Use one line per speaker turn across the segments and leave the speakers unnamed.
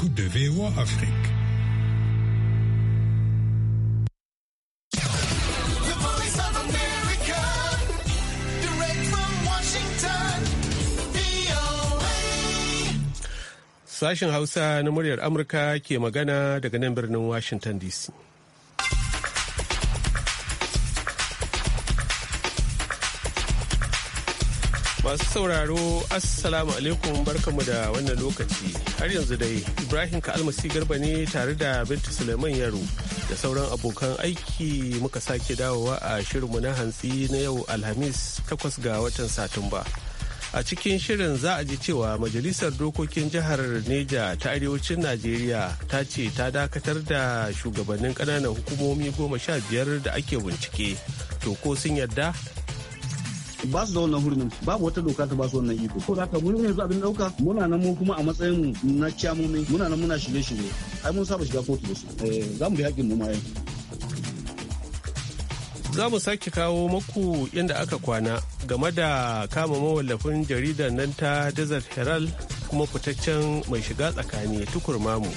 Coup de VOA Afrique.
Sashen Hausa na muryar Amurka ke magana daga nan birnin Washington DC. Masu sauraro, Assalamu alaikum barkamu da wannan lokaci. Har yanzu dai, Ibrahim Ka'almasi Garba ne tare da Binta Suleiman Yaro da sauran abokan aiki muka sake dawowa a shirinmu na hantsi na yau Alhamis takwas ga watan Satumba. A cikin shirin za a ji cewa Majalisar Dokokin Jihar Neja ta Arewacin Najeriya ta ce ta dakatar da shugabannin ƙananan hukumomi goma sha biyar da ake bincike. To ko sun yarda
ba su da wannan hurumin babu wata doka ta ba su wannan iko ko zaka mun yanzu abin dauka muna nan mu kuma a matsayin mu na ciyamomi muna nan muna shirye-shirye ai mun saba shiga kotu da su eh, za mu bi hakkin mu ma yau
za mu sake kawo maku inda aka kwana game da kama mawallafin jaridar nan ta desert herald kuma fitaccen mai shiga tsakani mu.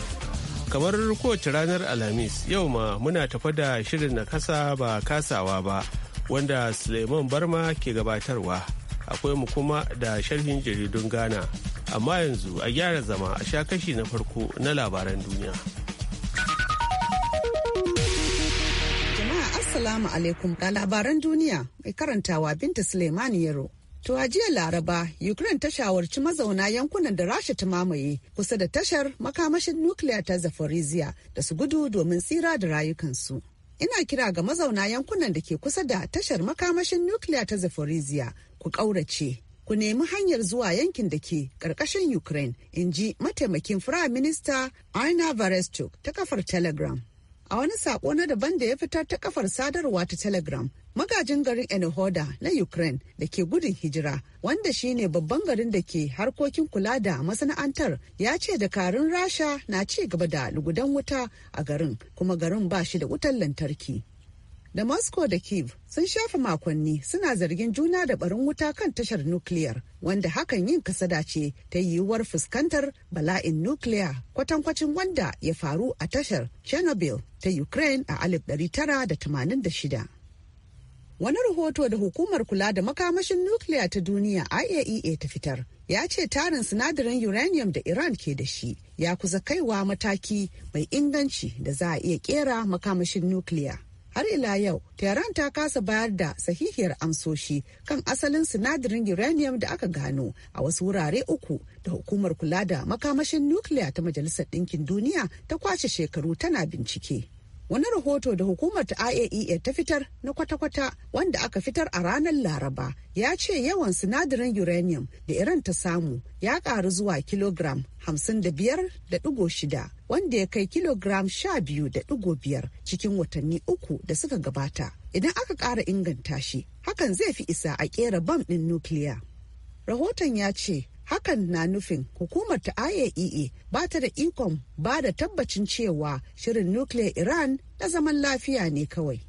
kamar kowace ranar alhamis yau ma muna tafa da shirin na kasa ba kasawa ba wanda Suleiman Barma ke gabatarwa. Akwai mu kuma da sharhin jaridun Ghana. Amma yanzu a gyara zama a sha kashi na farko na labaran duniya.
Jama'a Assalamu alaikum ga labaran duniya mai karantawa Binta Suleiman Yaro To a jiya Laraba, Ukraine ta shawarci mazauna yankunan da Rasha ta mamaye kusa da tashar makamashin nukiliya ta Zaporizhia da su gudu domin tsira da rayukansu. ina kira ga mazauna yankunan da ke kusa da tashar makamashin nukiliya ta zaporizhia ku ƙaurace ku nemi hanyar zuwa yankin da ke ƙarƙashin ukraine in ji mataimakin firayim minista aina varestuk ta kafar telegram a wani saƙo na daban da ya fitar ta kafar sadarwa ta telegram magajin garin Enihoda na Ukraine da ke gudun hijira wanda shine babban garin da ke harkokin kula da masana'antar ya ce dakarun rasha na ci gaba da lugudan wuta a garin kuma garin ba shi da wutar lantarki. Da Moscow da Kiev sun shafa makonni suna zargin juna da barin wuta kan tashar nukiliyar wanda hakan yin kasada ce ta yiwuwar fuskantar bala'in nukiliya kwatankwacin wanda ya faru a tashar Chernobyl ta Ukraine a 1986. Wani rahoto da hukumar kula da makamashin nukiliya ta duniya IAEA e ta fitar ya ce tarin sinadarin uranium da Iran ke da shi ya kusa kaiwa mataki mai inganci da za a iya kera makamashin nukiliya. har ila yau tehran ta kasa bayar da sahihiyar amsoshi kan asalin sinadarin uranium da aka gano a wasu wurare uku da hukumar kula da makamashin nukiliya ta majalisar ɗinkin duniya ta kwace shekaru tana bincike wani rahoto da hukumar ta IAEA e ta fitar na kwata-kwata wanda aka fitar a ranar Laraba ya ce yawan sinadarin uranium da Iran ta samu ya ƙaru zuwa kilogram 55.6 wanda ya kai kilogram 12.5 cikin watanni uku da suka gabata. Idan aka ƙara inganta shi, hakan zai fi isa a ƙera bam ɗin nukiliya. Rahoton ya ce hakan na nufin hukumar ta iaea e ba ta da ikon ba da tabbacin cewa shirin nukiliyar iran na zaman lafiya ne kawai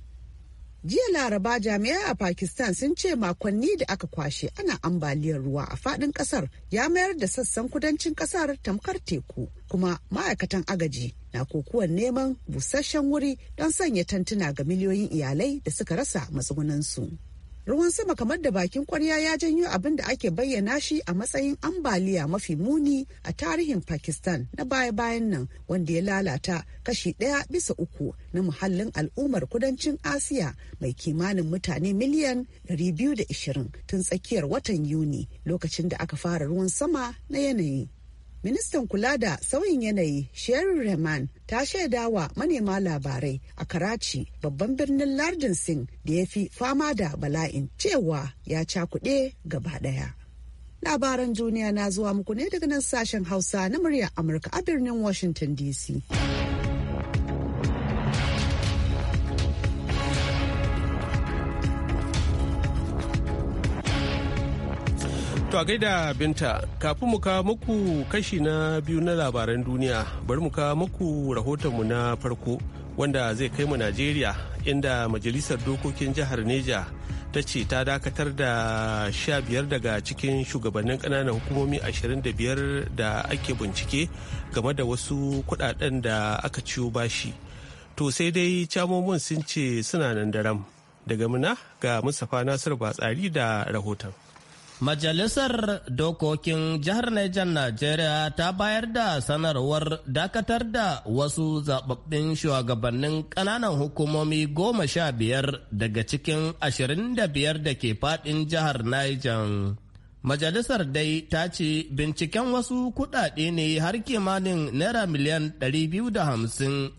jiya laraba jami'ai a pakistan sun ce makonni da aka kwashe ana ambaliyar ruwa a fadin kasar ya mayar da sassan kudancin kasar tamkar teku kuma ma'aikatan agaji na kokuwar neman busasshen wuri don sanya tantuna ga miliyoyin iyalai da suka rasa matsugunansu. ruwan sama kamar da bakin kwarya ya janyo abin da ake bayyana shi a matsayin ambaliya mafi muni a tarihin pakistan na baya-bayan nan wanda ya lalata kashi ɗaya bisa uku na muhallin al'ummar kudancin asiya mai kimanin mutane miliyan 220 tun tsakiyar watan yuni lokacin da aka fara ruwan sama na yanayi ministan kula da sauyin yanayi sherry rahman ta shaida wa manema labarai a karachi babban birnin lardin singh da ya fi fama da bala'in cewa ya cakuɗe gaba ɗaya labaran duniya na zuwa muku ne daga nan sashen hausa na murya amurka a birnin washington dc
To a gaida binta kafin mu kawo muku kashi na biyu na labaran duniya bari mu kawo muku rahotonmu na farko wanda zai kai mu Najeriya inda majalisar dokokin jihar Neja ta ce ta dakatar da sha biyar daga cikin shugabannin kananan hukumomi ashirin da biyar da ake bincike game da wasu kudaden da aka ciyo bashi to sai dai camomin sun ce suna nan daram daga muna ga mustapha nasiru batsari da rahoton
Majalisar Dokokin Jihar Niger Najeriya ta bayar da sanarwar dakatar da wasu zababbin shugabannin ƙananan hukumomi goma sha biyar daga cikin ashirin da biyar da ke faɗin jihar Niger. Majalisar dai ta ce binciken wasu kuɗaɗe ne har kimanin naira miliyan 250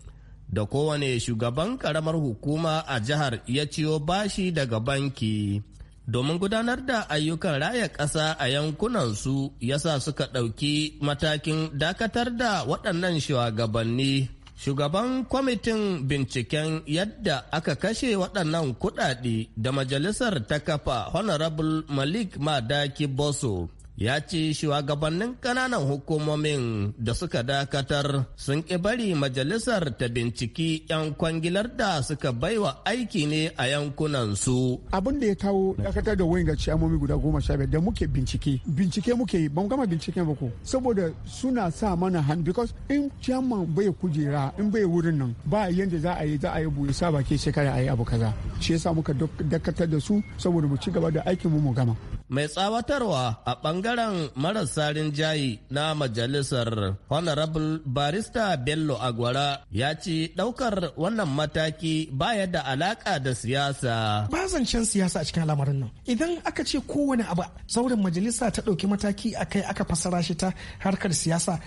da kowane shugaban ƙaramar hukuma a jihar ya ciyo bashi daga banki. domin gudanar da ayyukan raya ƙasa a yankunansu yasa suka ɗauki matakin dakatar da waɗannan shugabanni. Shugaban kwamitin binciken yadda aka kashe waɗannan kuɗaɗe da majalisar ta kafa Honorable Malik Madaki Boso ya ce shugabannin kananan hukumomin da suka dakatar sun ƙi bari majalisar ta binciki 'yan kwangilar da suka baiwa aiki ne a yankunan su.
Abin da ya kawo dakatar da wayan ga amomi guda goma sha biyar da muke bincike. Bincike muke yi, ban gama bincike ba ko. Saboda suna sa mana hand because in chairman bai kujera in bai wurin nan ba yanda za a yi za a yi buyi sa baki shekara a yi abu kaza. Shi yasa muka dakatar da su saboda mu ci gaba da aikin mu mu gama.
mai tsawatarwa a bangaren marasa rinjayi na majalisar honorable barista bello agwara ya ce ɗaukar wannan mataki baya da alaƙa da siyasa
ba zancen siyasa a cikin al'amarin nan idan aka ce kowane abu saurin majalisa ta ɗauki mataki a kai aka fassara shi ta harkar siyasa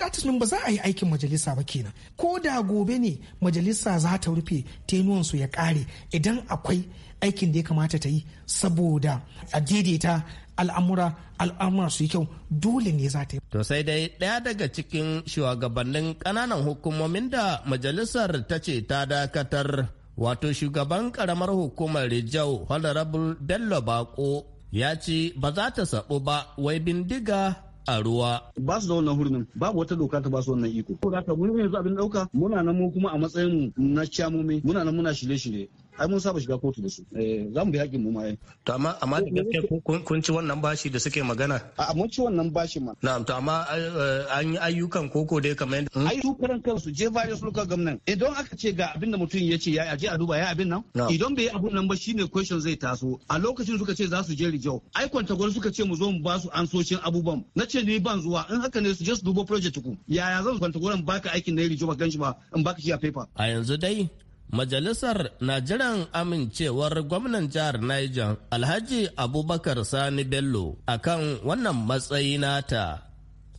datinin ba za a yi aikin majalisa ba kenan ko da gobe ne majalisa za ta rufe tenuwansu ya ƙare idan akwai aikin da ya kamata ta yi saboda a daidaita al'amura al'amura su yi kyau dole ne za ta yi.
To sai dai ɗaya daga cikin shugabannin ƙananan hukumomin da majalisar ta ce ta dakatar wato shugaban ƙaramar hukumar Rijau Honorable Bello Bako ya ce ba za ta saɓo ba wai bindiga a ruwa. Ba su da wannan hurumin babu wata doka ta ba su wannan iko.
Ko da ka mun yanzu abin dauka muna nan mu kuma a matsayin na ciyamomi muna nan muna shirye-shirye ai mun saba shiga kotu da su eh, za mu bi haƙƙin mu ma to amma amma da
gaske kun ci wannan bashi da
suke magana. a mun ci wannan bashi ma.
na'am to amma eh, eh, an yi ayyukan koko dai kamar yadda. Hmm?
ai su karan kansu je various local government idan aka ce ga abin da mutum ya ce ya aje a duba ya abin nan. idan bai yi nan ba shine question zai taso a lokacin suka ce za su je rijau ai kwantagwar suka ce mu zo mu ba su ansocin abubuwan na ce ni ban zuwa in haka ne su je su dubo project ku yaya zan kwantagwaran baka aikin na rijau ba ganshi ba in baka shi a paper.
a yanzu dai Majalisar na jiran amincewar gwamnan jihar Niger Alhaji Abubakar Sani Bello A kan wannan matsayi nata.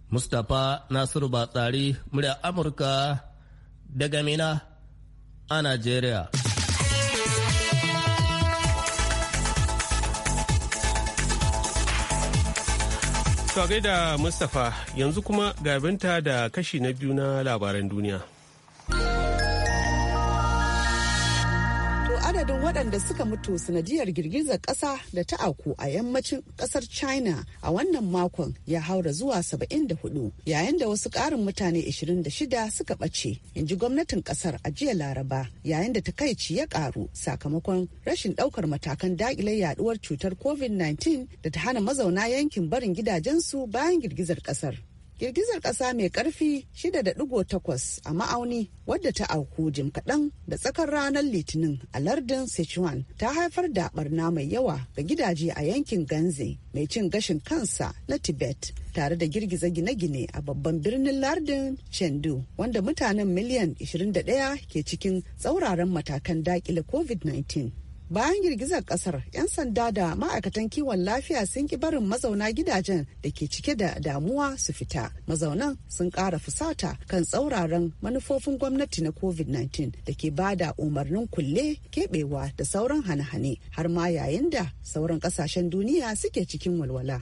Mustapha Nasiru Batsari murya Amurka daga Mina a Najeriya.
To da Mustapha yanzu kuma gabinta da kashi na biyu na labaran duniya.
adadin waɗanda suka mutu sanadiyar girgizar ƙasa da ta auku a yammacin ƙasar China a wannan makon ya haura zuwa 74 yayin da wasu ƙarin mutane 26 suka ɓace, in ji gwamnatin ƙasar a jiya Laraba yayin da takaici ya ƙaru sakamakon rashin ɗaukar matakan dakile yaɗuwar cutar COVID-19 da ta hana mazauna yankin barin gidajensu bayan girgizar ƙasar. girgizar ƙasa mai ƙarfi 6.8 a ma'auni wadda ta auku jim kaɗan da tsakar ranar litinin a lardin sichuan ta haifar da barna mai yawa ga gidaje a yankin ganze mai cin gashin kansa na tibet tare da girgiza gine-gine a babban birnin lardin chengdu wanda mutanen miliyan 21 ke cikin tsauraran matakan daƙile covid-19 bayan girgizar kasar 'yan sanda da ma'aikatan kiwon lafiya sun ki barin mazauna gidajen da ke cike da damuwa su fita mazaunan sun ƙara fusata kan tsauraran manufofin gwamnati na covid-19 da ke ba da umarnin kulle keɓewa da sauran hane-hane har ma yayin da sauran ƙasashen duniya suke cikin walwala.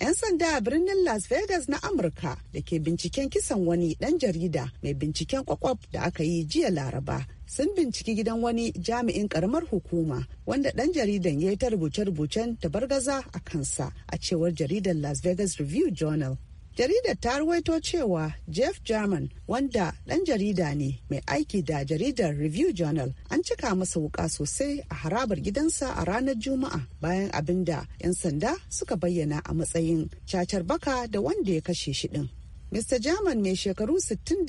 'yan sanda a birnin las vegas na amurka da ke binciken kisan wani dan jarida mai binciken kwakwaf da aka yi jiya laraba sun binciki gidan wani jami'in karamar hukuma wanda dan jaridan ya yi ta rubuce-rubucen tabargaza a kansa a cewar jaridar las vegas review journal jaridar ta ruwaito cewa jeff german wanda ɗan jarida ne mai aiki da jaridar review journal an cika masa wuka sosai a harabar gidansa a ranar juma'a bayan abin da 'yan sanda suka bayyana a matsayin cacar baka da wanda ya kashe shi ɗin Mr. German mai shekaru 69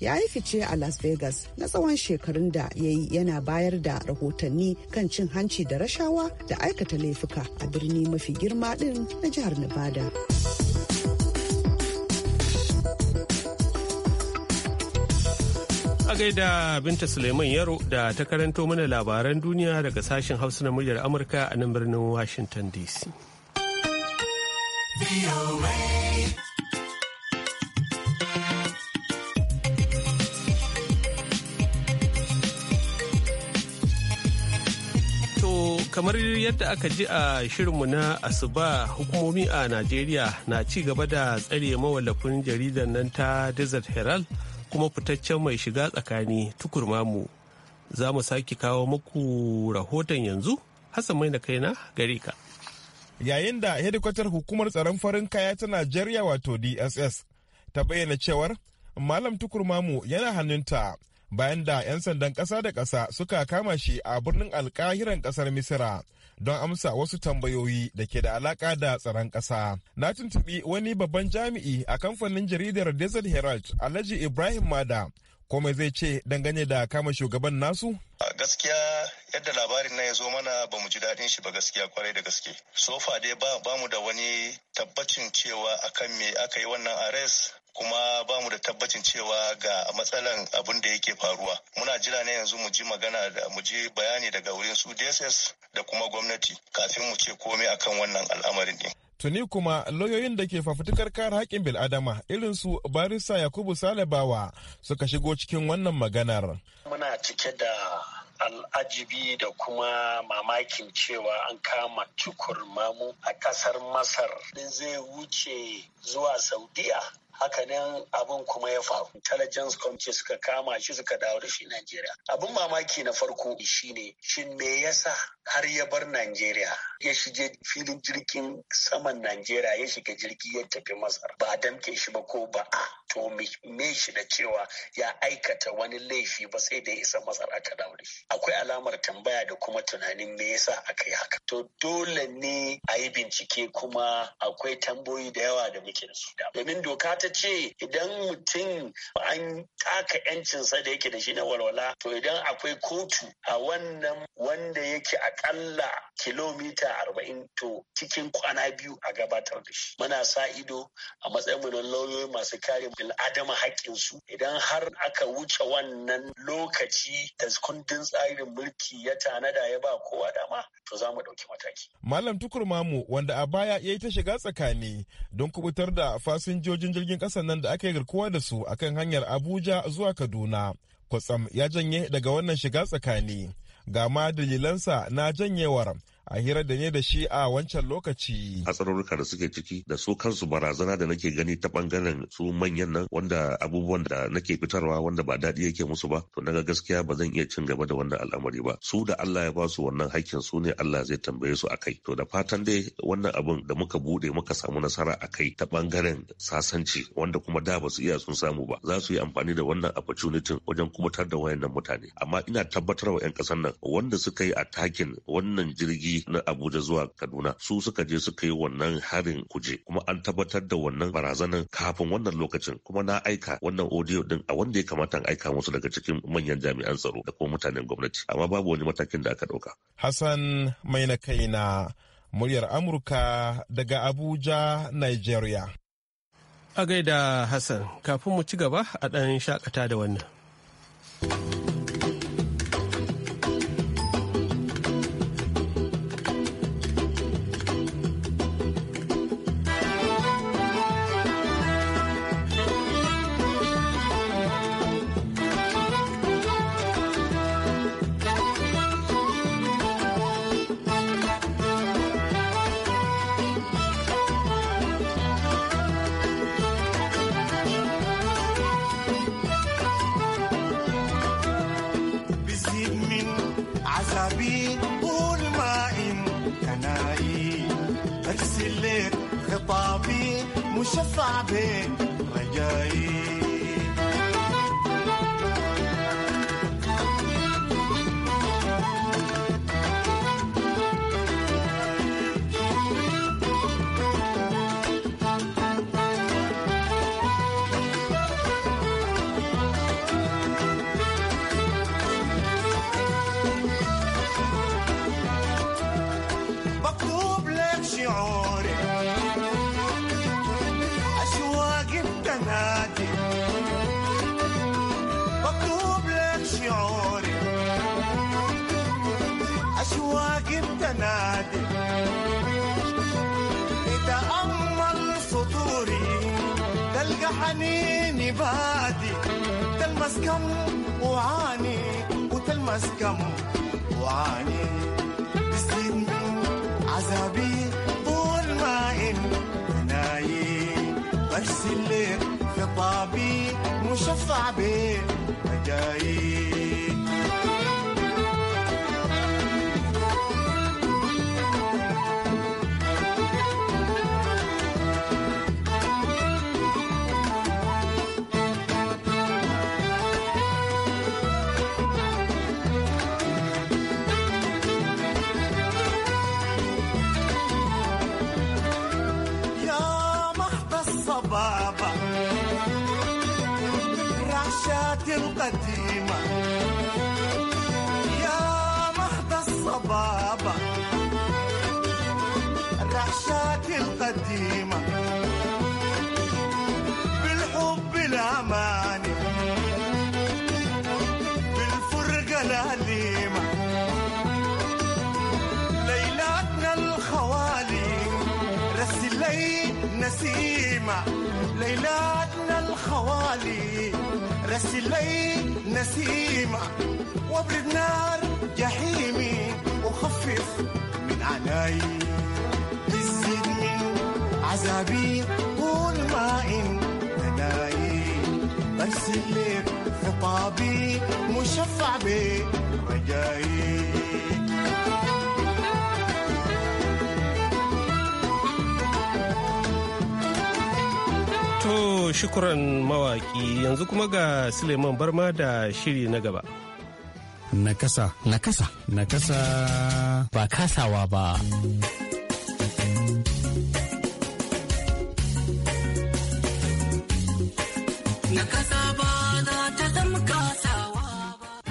ya yi fice a Las Vegas na tsawon shekarun da ya yi yana bayar da rahotanni kan cin hanci da rashawa da aikata laifuka a birni mafi girma din na jihar Nevada.
A gaida Binta Suleiman Yaro da ta karanto mana labaran duniya daga sashen Hausa na muryar Amurka a nan birnin Washington DC. kamar yadda aka ji a shirinmu na asuba hukumomi a najeriya na ci gaba da tsare mawallafin jaridar nan ta desert herald kuma fitaccen mai shiga tsakani tukurmamu za mu sake kawo muku rahoton yanzu hasan mai na kaina gare ka
yayin da hedikwatar hukumar tsaron farin kaya ta najeriya wato dss ta bayyana cewar malam tukurmamu yana hannunta bayan da 'yan sandan ƙasa da ƙasa suka kama shi a birnin alkahiran ƙasar misira don amsa wasu tambayoyi da ke da alaka da tsaron ƙasa. Na tuntuɓi wani babban jami'i a kamfanin jaridar Desert Herald Alhaji Ibrahim Mada komai zai ce dangane da kama shugaban nasu? gaskiya
yadda labarin na ya zo mana ba mu ji daɗin shi ba gaskiya kwarai da gaske sofa dai ba mu da wani tabbacin cewa akan me aka yi wannan ares kuma ba mu da tabbacin cewa ga matsalan abin da yake faruwa muna jira ne yanzu mu ji magana da mu ji bayani daga wurin su DSS da kuma gwamnati kafin mu ce komai akan wannan al'amarin ne
tuni kuma lauyoyin da ke fafutukar kare haƙƙin bil'adama irin su Barisa yakubu salibawa suka shigo cikin wannan maganar
muna cike da al'ajibi da kuma mamakin cewa an kama tukur mamu a ƙasar masar zai wuce zuwa saudiya hakanan abin kuma ya faru intelligence committee suka kama shi suka dawo da shi Najeriya abin mamaki na farko shine shin me yasa har ya bar Najeriya ya shige filin jirgin saman Najeriya ya shiga jirgi ya tafi Masar ba a damke shi ba ko ba a to me shi da cewa ya aikata wani laifi ba sai da ya isa Masar aka dawo da shi akwai alamar tambaya da kuma tunanin me yasa aka yi haka to dole ne a yi bincike kuma akwai tambayoyi da yawa da muke da su domin doka ta ta ce idan mutum an taka yancinsa da yake da shi na walwala to idan akwai kotu a wannan wanda yake akalla kilomita arba'in to cikin kwana biyu a gabatar da shi muna sa ido a matsayin mu na lauyoyi masu kare bil'adama haƙƙinsu idan har aka wuce wannan lokaci da kundin tsarin mulki ya tanada ya ba kowa dama to za mu ɗauki mataki.
Malam Tukur Mamu wanda a baya ya yi ta shiga tsakani don kubutar da fasinjojin jirgin jirgin kasan nan da aka yi garkuwa da su a kan hanyar abuja zuwa kaduna kwatsam ya janye daga wannan shiga tsakani ga ma dalilansa na janyewar a hirar da ne da shi a wancan lokaci.
Hatsarurruka da suke ciki da su kansu barazana da nake gani ta bangaren su manyan nan wanda abubuwan da nake fitarwa wanda ba daɗi yake musu ba to naga gaskiya ba zan iya cin gaba da wannan al'amari ba su da Allah ya basu wannan hakkin su ne Allah zai tambaye su akai to da fatan dai wannan abun da muka bude muka samu nasara akai ta bangaren sasanci wanda kuma da ba su iya sun samu ba za su yi amfani da wannan opportunity wajen kubutar da wayannan mutane amma ina tabbatar wa 'yan ƙasar nan wanda suka yi a takin wannan jirgi na Abuja zuwa Kaduna su suka je suka yi wannan harin kuje kuma an tabbatar da wannan barazanar kafin wannan lokacin kuma na aika wannan audio din a wanda ya kamata an aika musu daga cikin manyan jami'an tsaro da kuma mutanen gwamnati amma babu wani matakin da aka
dauka. Hassan mai na kai na muryar Amurka daga Abuja, Nigeria.
A gaida Hassan, kafin mu ci gaba a ɗan shakata da wannan.
حنيني بادي تلمس كم وعاني وتلمس كم وعاني تسجن عذابي طول ما انت نايم برسل لك خطابي مشفع بين مجايب القديمة يا محض الصبابة الرحشات القديمة بالحب الأماني بالفرقة الأليمة ليلاتنا الخوالي رسلي نسيمة ليلاتنا الخوالي راس الليل نسيمة وابرد نار جحيمي وخفف من عناي نزد من عذابي طول ما انت نايم برسل لك خطابي مشفع برجاي
shukuran mawaki yanzu kuma ga Suleiman Barma da shiri na gaba.
Nakasa. Nakasa. Nakasa.
Ba kasawa ba.
Nakasa.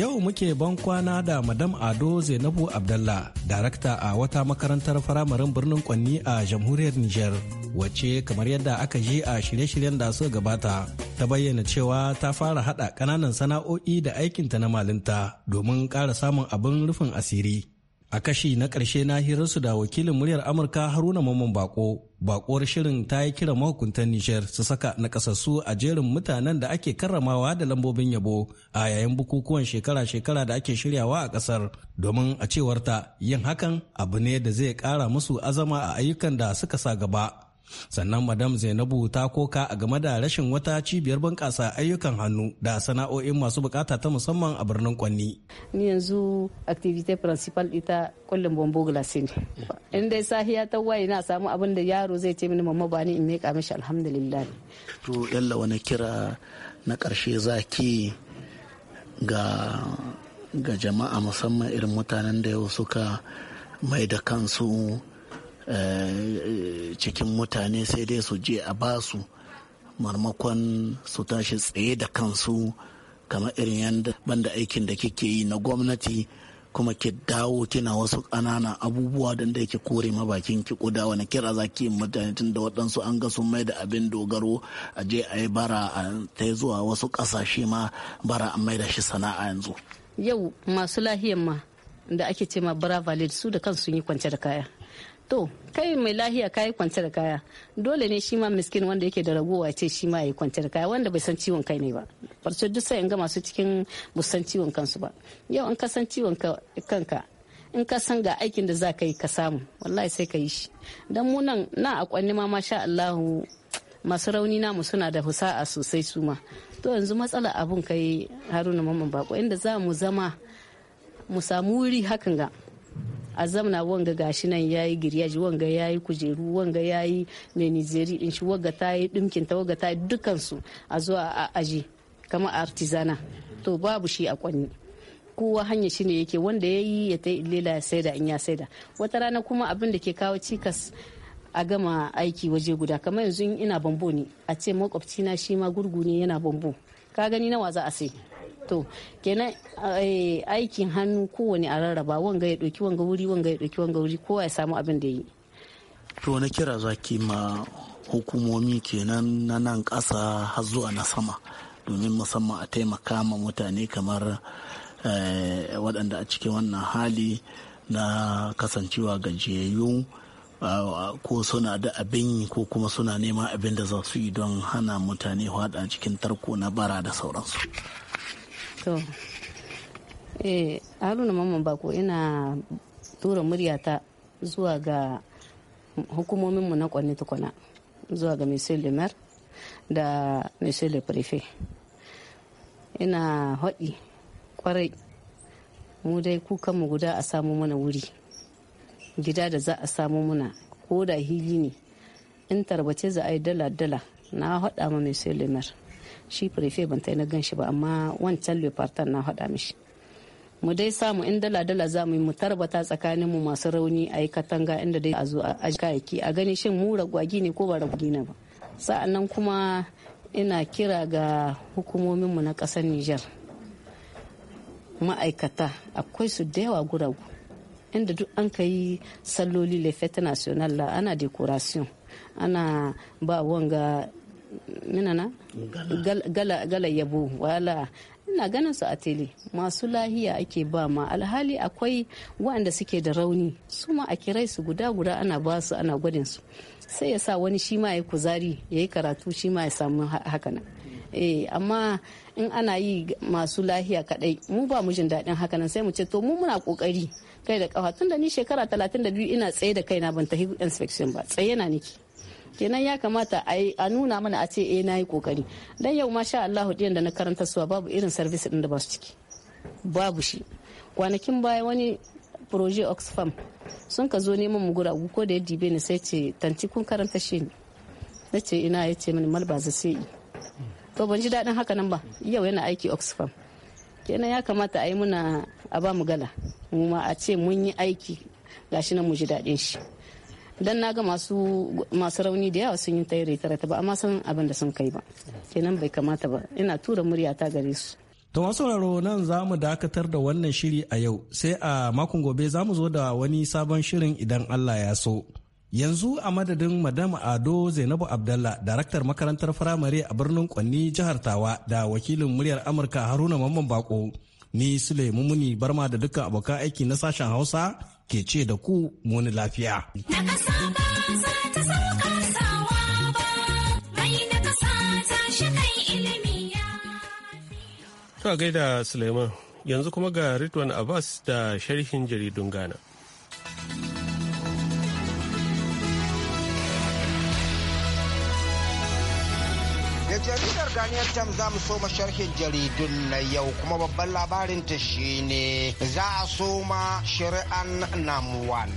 Yau muke ban kwana da Madam Ado Zainabu Abdallah, darakta a wata makarantar firamarin birnin Kwanni a jamhuriyar Nijar, wacce kamar yadda aka ji a shirye-shiryen da suka gabata, ta bayyana cewa ta fara haɗa ƙananan sana'o'i da aikinta na malinta domin ƙara samun abin rufin asiri. a kashi na ƙarshe na hirarsu da wakilin muryar amurka haruna mamman bako bakuwar shirin ta yi kira mahukuntan nijar su saka nakasassu a jerin mutanen da ake karramawa da lambobin yabo a yayin bukukuwan shekara-shekara da ake shiryawa a ƙasar domin a cewarta yin hakan abu ne da zai ƙara musu azama a ayyukan da suka sa gaba sannan madam zainabu ta koka a game da rashin wata cibiyar bunƙasa ayyukan hannu da sana'o'in masu bukata ta musamman a birnin kwanni
ni yanzu activity principal ita kullum bombo glace ne in dai sahiya ta waye na samu abin da yaro zai ce mini mamma bani in meka mishi alhamdulillah
to yalla wani kira na karshe zaki ga ga jama'a musamman irin mutanen da yau suka mai da kansu Eh, cikin mutane sai dai su je a basu marmakon su tashi tsaye da kansu kamar irin yadda banda aikin da kike yi na gwamnati kuma ki dawo kina wasu ƙananan abubuwa don da yake kore ma bakin ki kuda wani kira za ki mutane tun da waɗansu an ga sun mai da abin dogaro a je a yi bara a ta zuwa wasu ƙasashe ma bara an mai da shi sana'a yanzu.
Yau masu lahiyar ma da ake ce ma bara valid su da kansu yi kwance da kaya. to kai mai lahiya ka yi da kaya dole ne shi ma miskin wanda yake da ragowa ce shi ma yi kwantar kaya wanda bai san ciwon kai ne ba farce duk sai in ga masu cikin musan ciwon kansu ba yau in ka san ciwon kanka in ka san ga aikin da za ka yi ka samu wallahi sai ka yi shi dan mu nan na a kwanni ma masha Allahu masu rauni mu suna da husa'a sosai su ma to yanzu matsala abun kai Haruna Mamman Bako inda za mu zama mu samu wuri hakan ga a zamna wanga gashi nan yi giryaji wanga ya yi kujeru wanga yi mai nijeri in shi wanga ta yi dimkin ta wanga ta yi dukansu a zo a aji kama artizana to babu shi a kwanni kowa hanya shi ne yake wanda ya yi ya ta lela ya saida in ya saida wata rana kuma abin da ke kawo cikas a gama aiki waje guda kamar yanzu ina bambo ne a ce makwabcina shi ma gurgu ne yana bambo ka gani nawa za a sai to kenan eh, aikin hannu kowane a rarraba wanga ya ɗauki wanga wuri wanga ya ɗauki wanga wuri kowa ya samu abin da yi
to wani kira za ki ma hukumomi kenan na nan ƙasa har zuwa na sama domin musamman a taimaka ma mutane kamar eh, waɗanda a cikin wannan hali na kasancewa gajiyayyu ah, ko suna da abin yi ko kuma suna neman abin da za su yi don hana mutane hada cikin tarko na bara da sauransu
To, eh, haruna mamman bako ina tura muryata zuwa ga hukumominmu na kwanne tukuna zuwa ga monsieur le maire da monsieur le prefet ina haɗi kwarai mu dai kukanmu guda a samu mana wuri gida da za a samu muna ko da hili ne in tarbace za a yi dala-dala na haɗa ma mai sulemar shi prefe ban ta na gan shi ba amma wancan lefartan na haɗa mishi mu dai samu in dala dala za mu yi mu tarbata tsakanin mu masu rauni a yi katanga inda dai a zo a kayayyaki a gani shin mu ragwagi ne ko ba ragwagi ne ba sa'annan kuma ina kira ga hukumomin mu na ƙasar Nijar ma'aikata akwai su da yawa guragu inda duk an ka yi salloli fete national la ana decoration ana ba wanga minana gala yabo wala ina ganin su a tele masu lahiya ake ba ma alhali akwai waɗanda suke da rauni su ma a kirai su guda guda ana ba su ana gwadin su sai ya sa wani shi ma ya kuzari ya yi karatu shi ma ya samu hakanan eh amma in ana yi masu lahiya kadai mu ba mu jin daɗin hakanan sai mu ce to mu muna kokari kai da kafa tunda ni shekara 32 ina tsaye da kaina ban tafi inspection ba tsaye na niki kenan ya kamata a nuna mana a ce eh, na yi kokari dan yau masha Allah ɗiyan da na karanta suwa babu irin service ɗin da ba su ciki babu shi kwanakin baya wani proje oxfam sun ka zo neman mu gura ko da ya dibe ni sai ce tanci kun karanta shi ne na ce ina ya ce mini malbaza sai to ban ji daɗin haka nan ba yau yana aiki oxfam kenan ya kamata a yi muna a ba mu gala mu ma a ce mun yi aiki gashi nan mu ji daɗin shi dan na ga masu masu rauni da yawa sun yi ta ta ba amma san abin da sun kai ba kenan bai kamata ba ina tura murya ta gare su
To masu sauraro nan za mu dakatar da wannan shiri a yau sai a makon gobe za mu zo da wani sabon shirin idan Allah ya so. Yanzu a madadin Madam Ado Zainabu Abdallah, daraktar makarantar firamare a birnin Kwanni jihar Tawa da wakilin muryar Amurka Haruna Mamman Bako, ni Sule Mumuni Barma da dukkan abokan aiki na sashen Hausa ke ce da ku muni lafiya.
To gaida Suleiman yanzu kuma ga Ridwan Abbas da sharhin jaridun Ghana.
jaridar Ghanaian jam za mu soma sharhin jaridun na yau kuma babban labarin ta shine za a soma shari'an namuwan.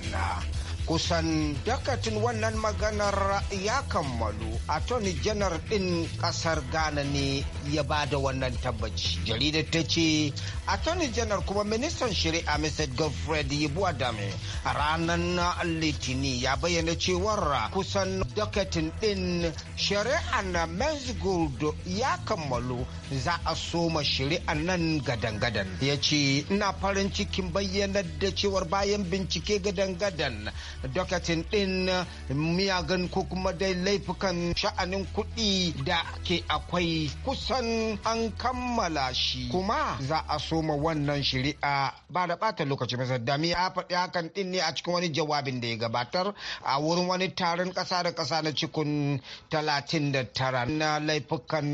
kusan dakatin wannan maganar ya kammalu attorney janar din kasar ghana ne ya ba da wannan tabbaci jaridar ta ce attorney janar kuma ministan shari'a mr godfred yibu adame ranar litini ya bayyana cewar kusan dakatin din shari'a na mensgold ya kammalu za a soma shari'a nan gadangadan. ya ce ina farin cikin bayyanar da cewar bayan bincike gadan-gadan dokatin din miyagan ko kuma dai laifukan sha'anin kuɗi da ke akwai kusan an kammala shi kuma za a soma wannan shari'a ba da bata lokaci ba saddami ya faɗi hakan din ne a cikin wani jawabin da ya gabatar a wurin wani taron ƙasa da ƙasa na cikin 39 na laifukan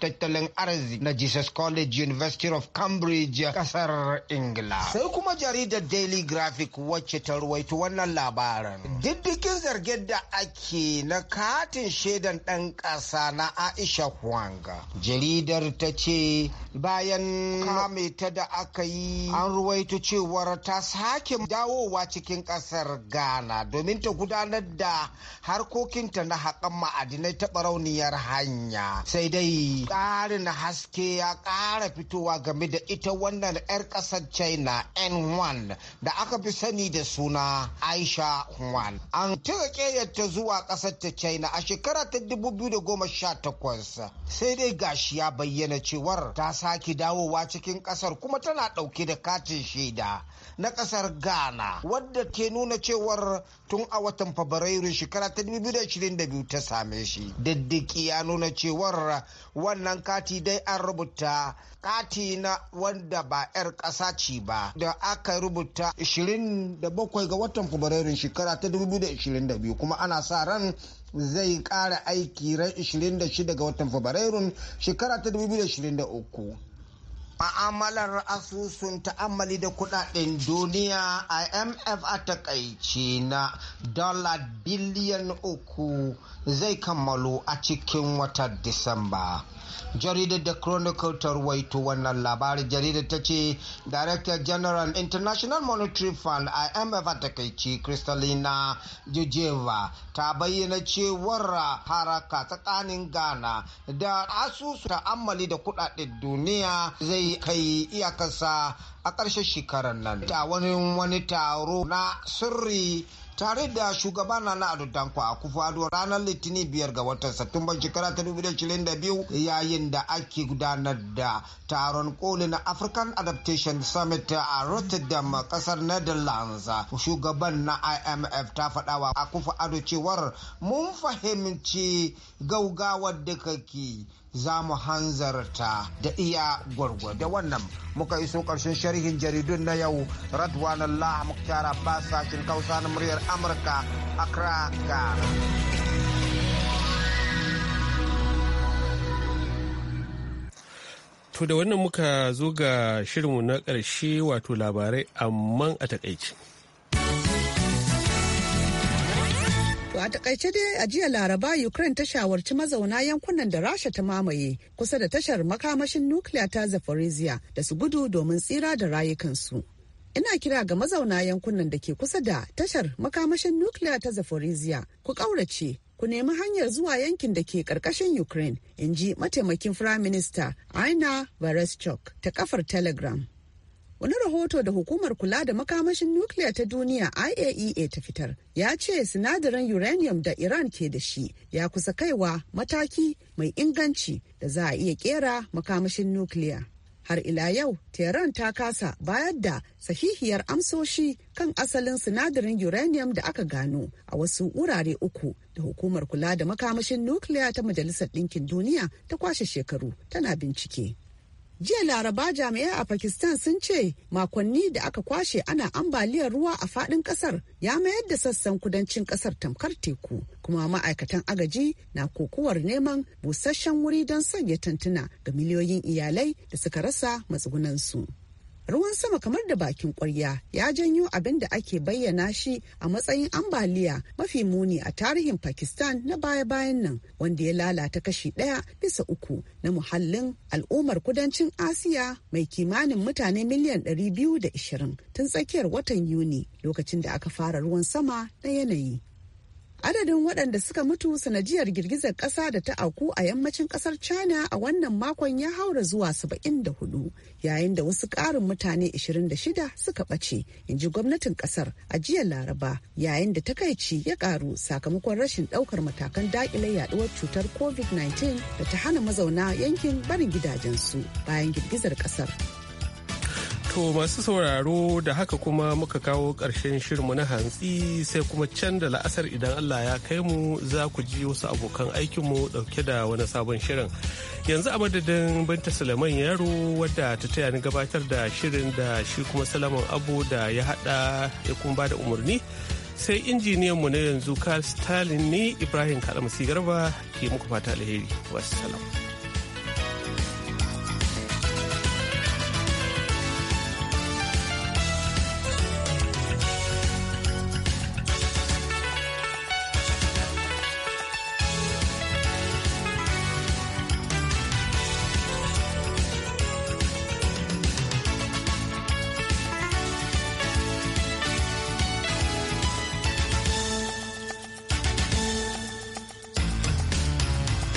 tattalin arziki arziki na Jesus College University of Cambridge kasar Ingila. Sai kuma jaridar Daily Graphic wacce ta ruwaito wannan labarin. Diddikin zargin da ake na katin shaidan ɗan ƙasa na Aisha kwanga Jaridar ta ce bayan kame ta da aka yi an ruwaito cewar ta sake dawowa cikin ƙasar Ghana domin ta gudanar da harkokinta na haƙan ma'adinai ta barauniyar hanya. Sai dai ƙarin haske ya ƙara fitowa game da ita wannan 'yar ƙasar china n1 da aka fi sani da suna aisha huan an cire ƙeyarta zuwa ƙasar ta china a shekara ta 2018 sai dai gashi ya bayyana cewar ta sake dawowa cikin ƙasar kuma tana ɗauke da katin shaida na ƙasar ghana wadda ke nuna cewar tun a watan fabrairu shekara ta 2022 ta same shi diddiki ya nuna cewar wannan kati da dai an rubuta kati na wanda ba 'yar ƙasa ce ba da aka rubuta 27 ga watan fabrairun shekara ta 2022 kuma ana sa ran zai ƙara aiki ran 26 ga watan fabrairun shekara ta 2023 ma'amalar asusun ta'ammali da kudaden duniya imf a takaici na dala biliyan uku zai kammalo a cikin watan Disamba. jaridar da chronicle ta ruwaito wannan labarin jaridar ta ce director general international monetary fund imf a takaici kristalina jujeva ta bayyana cewar haraka tsakanin ghana da asusu ta'ammali da kudaden duniya zai kai iyakarsa a ƙarshen shekarar nan ta wani wani taro na sirri tare da shugaba nana ado danko akufo-addo ranar litinin biyar ga watan satumban shekara ta 2022 yayin da ake gudanar da taron koli na african adaptation summit a rotterdam kasar netherlands shugaban na imf ta faɗawa akufo-addo cewar mun fahimci gaugawar da kake za mu hanzarta da iya gwargwada wannan muka iso karshen sharhin jaridun na yau radwan allah mukhtar abbas sakin kausa na muryar amurka accra ghana
to da wannan muka zo ga shirinmu na ƙarshe wato labarai amma a takaici.
a takaice dai a jiya Laraba Ukraine ta shawarci mazauna yankunan da Rasha ta mamaye kusa da tashar makamashin nukiliya ta Zaporizhia da su gudu domin tsira da rayukansu. Ina kira ga mazauna yankunan da ke kusa da tashar makamashin nukiliya ta Zaporizhia ku kaurace ku nemi hanyar zuwa yankin da ke karkashin Ukraine, in ji mataimakin Firaminista Aina Vereshchuk ta kafar Telegram. Wani rahoto da hukumar kula da makamashin nukiliya ta duniya IAEA e ta fitar ya ce sinadarin uranium da Iran ke da shi ya kusa kaiwa mataki mai inganci da za a iya kera makamashin nukiliya. Har ila yau, Tehran ta kasa bayar da sahihiyar amsoshi kan asalin sinadarin uranium da aka gano a wasu wurare uku da hukumar kula da makamashin nukiliya ta Majalisar Ɗinkin Duniya ta kwashe shekaru tana bincike. jiya laraba jami'ai a pakistan sun ce makonni da aka kwashe ana ambaliyar ruwa a fadin kasar ya mayar da sassan kudancin kasar tamkar teku kuma ma'aikatan agaji na kokowar neman busasshen wuri don sanya tantuna ga miliyoyin iyalai da suka rasa matsugunansu. ruwan sama kamar da bakin kwarya ya janyo abin da ake bayyana shi a matsayin ambaliya mafi muni a tarihin pakistan na baya-bayan nan wanda ya lalata kashi ɗaya bisa uku na muhallin al'ummar kudancin asiya mai kimanin mutane miliyan 220 tun tsakiyar watan yuni lokacin da aka fara ruwan sama na yanayi adadin waɗanda suka mutu sanadiyar girgizar ƙasa da ta auku a yammacin ƙasar china a wannan makon ya haura zuwa 74 yayin da wasu ƙarin mutane 26 suka ɓace in ji gwamnatin ƙasar a jiya laraba yayin da takaici ya ƙaru sakamakon rashin ɗaukar matakan daƙile yaɗuwar cutar covid-19 da ta hana mazauna yankin barin gidajensu bayan girgizar ƙasar
To masu sauraro da haka kuma muka kawo ƙarshen shirinmu na hantsi sai kuma can da la'asar idan Allah ya kai mu za ku ji wasu abokan aikinmu ɗauke da wani sabon shirin. Yanzu a madadin Binta Suleiman Yaro wadda ta taya ni gabatar da shirin da shi kuma Salaman Abu da ya haɗa ya kuma ba da umarni. Sai injiniyan mu na yanzu Carl Stalin ne Ibrahim Kalamasi Garba ke muku fata alheri. Wassalam.